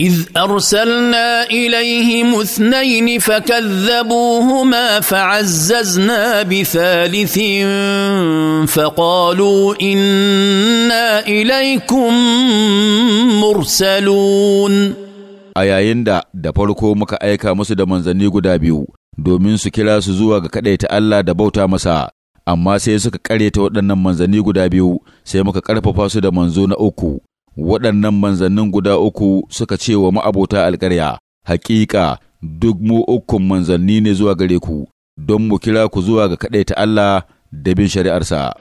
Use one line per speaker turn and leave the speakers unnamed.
إذ أرسلنا إليهم اثنين فكذبوهما فعززنا بثالث فقالوا إنا إليكم مرسلون
a yayin da da farko muka aika musu da manzani guda biyu domin su kira su zuwa ga kaɗaita Allah da bauta masa amma sai suka ta waɗannan manzani guda biyu sai muka ƙarfafa su da manzo na uku waɗannan manzannin guda uku suka ce wa ma'abota alƙarya, Hakika duk mu ukun manzanni ne zuwa gare ku, don mu kira ku zuwa ga kaɗai ta Allah da bin shari'arsa.